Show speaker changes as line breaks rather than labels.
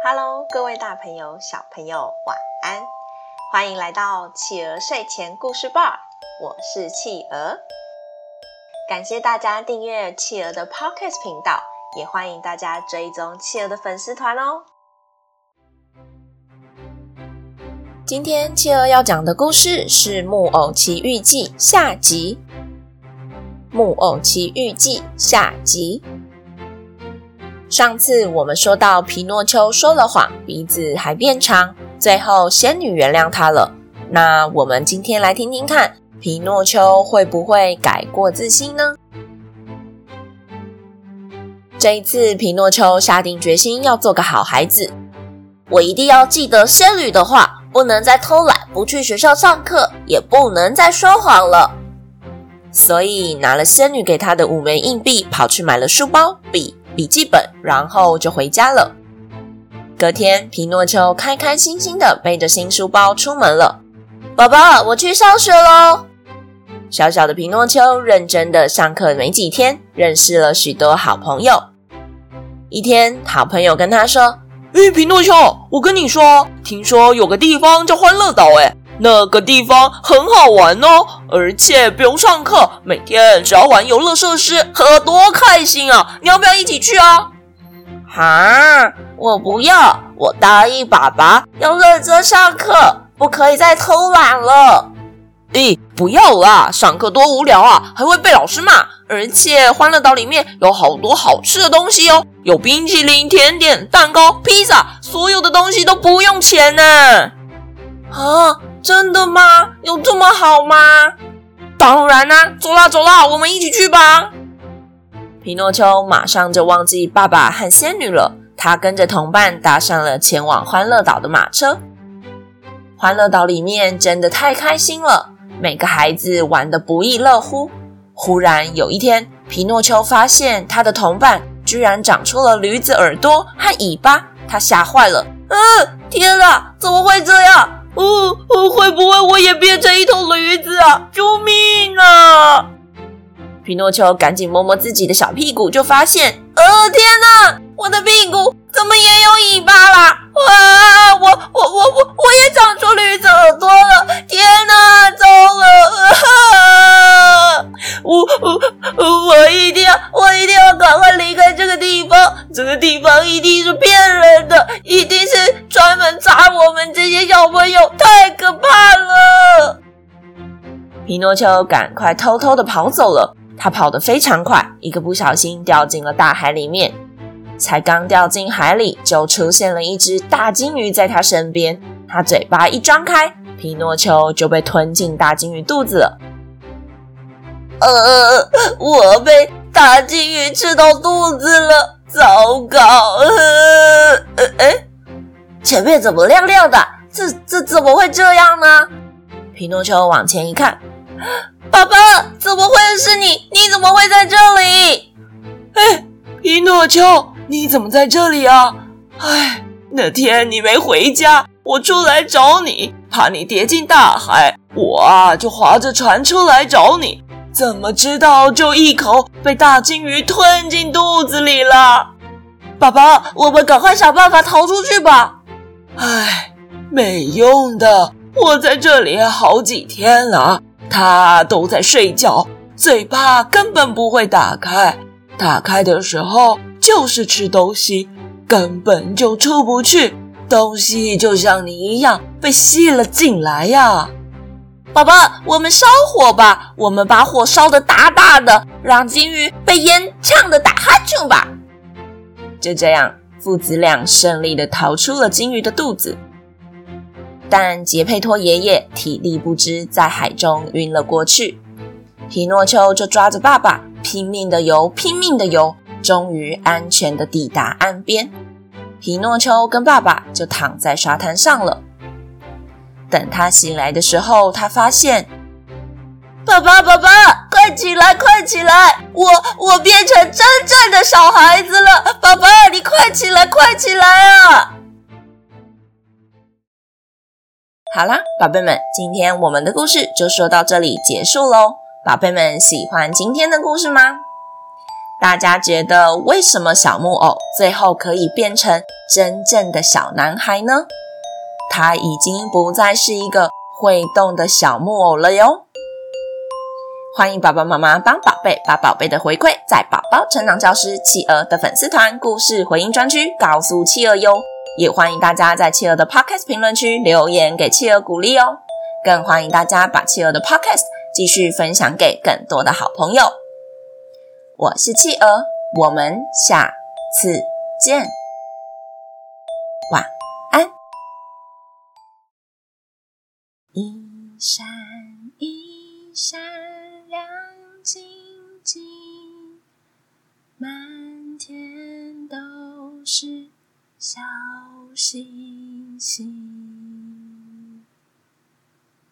Hello，各位大朋友、小朋友，晚安！歡迎來到企鵝睡前故事吧，我是企鵝。感謝大家訂閱企鵝的 Podcast 頻道，也歡迎大家追蹤企鵝的粉絲團哦。今天企鵝要講的故事是木預計《木偶奇遇記》下集，《木偶奇遇記》下集。上次我們說到，皮諾丘說了謊，鼻子還變長，最後仙女原諒他了。那我們今天來聽聽看，皮諾丘會不會改過自新呢？這一次，皮諾丘下定決心要做個好孩子。我一定要記得仙女的話，不能再偷懶，不去學校上課，也不能再說謊了。所以，拿了仙女給他的五枚硬幣，跑去買了書包、筆。筆記本，然後就回家了。隔天，皮諾丘開開心心的背着新書包出門了。寶寶，我去上學嘍！小小的皮諾丘認真的上課，沒幾天，認識了許多好朋友。一天，好朋友跟他說：“哎，皮諾丘，我跟你說，聽說有個地方叫歡樂島，哎。”那個地方很好玩哦，而且不用上課，每天只要玩遊樂設施，喝多開心啊！你要不要一起去啊？啊，我不要，我答應爸爸要認真上課，不可以再偷懶了。欸，不要啊！上課多無聊啊，還會被老師罵。而且歡樂島裡面有好多好吃的東西哦，有冰淇淋、甜點、蛋糕、披薩，所有的東西都不用錢呢。啊！真的嗎？有這麼好嗎？當然啦、啊！走啦，走啦，我們一起去吧！皮諾丘馬上就忘記爸爸和仙女了，他跟着同伴搭上了前往歡樂島的馬車。歡樂島裡面真的太開心了，每個孩子玩得不亦樂乎。忽然有一天，皮諾丘發現他的同伴居然長出了驢子耳朵和尾巴，他嚇壞了！嗯、呃，天哪！怎麼會這樣？哦，會不會我也變成一頭驢子啊？救命啊！皮諾丘趕緊摸摸自己的小屁股，就發現，哦天哪，我的屁股怎麼也有尾巴了？哇、啊！這個地方一定是騙人的，一定是專門抓我們這些小朋友，太可怕了！皮諾丘趕快偷偷的跑走了，他跑得非常快，一個不小心掉進了大海裡面。才剛掉進海裡，就出現了一只大鯨魚在他身邊，他嘴巴一張開，皮諾丘就被吞進大鯨魚肚子了。呃，我被大鯨魚吃到肚子了。糟糕啊！哎，前面怎麼亮亮的？這這怎麼會這樣呢？皮諾丘往前一看，爸爸，怎麼會是你？你怎麼會在這裡？哎，皮諾丘，你怎麼在這裡啊？哎，那天你沒回家，我出來找你，怕你跌進大海，我啊就划着船出來找你。怎麼知道？就一口被大鯨魚吞進肚子裡了。寶寶，我們趕快想辦法逃出去吧！唉，沒用的，我在這裡好幾天了，它都在睡覺，嘴巴根本不會打開。打開的時候就是吃東西，根本就出不去。東西就像你一樣被吸了進來呀。寶寶，我們燒火吧，我們把火燒得大大的，讓鯨魚被煙嗆得打哈欠吧。就這樣，父子倆順利地逃出了鯨魚的肚子。但傑佩托爺爺體力不支，在海中暈了過去。皮諾丘就抓着爸爸，拼命的游，拼命的游，終於安全地抵達岸邊。皮諾丘跟爸爸就躺在沙灘上了。等他醒來的時候，他發現：“爸爸，爸爸，快起來，快起來！我，我變成真正的小孩子了，爸爸，你快起來，快起來啊！”好啦，寶貝們，今天我們的故事就說到這裡結束嘍。寶貝們，喜歡今天的故事嗎？大家覺得為什麼小木偶最後可以變成真正的小男孩呢？他已經不再是一個會動的小木偶了喲。歡迎爸爸媽媽幫寶貝把寶貝的回饋在寶寶成長教室企鵝的粉絲團故事回應專區告訴企鵝喲，也歡迎大家在企鵝的 podcast 評論區留言給企鵝鼓勵哦，更歡迎大家把企鵝的 podcast 繼續分享給更多的好朋友。我是企鵝，我們下次見。晚安。一閃一閃亮晶晶，滿天都是小星星。